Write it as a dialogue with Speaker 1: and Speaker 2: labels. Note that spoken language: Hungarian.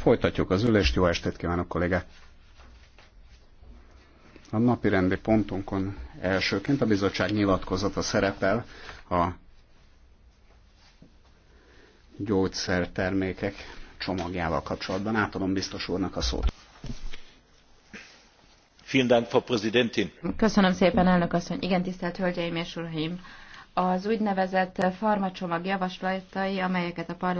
Speaker 1: Folytatjuk az ülést, jó estét kívánok, kollégák! A napi rendi pontunkon elsőként a bizottság nyilatkozata szerepel a gyógyszertermékek csomagjával kapcsolatban. Átadom biztos úrnak a szót.
Speaker 2: Köszönöm szépen, elnök asszony. Igen, tisztelt hölgyeim és uraim! az úgynevezett farmacsomag javaslatai, amelyeket a parlament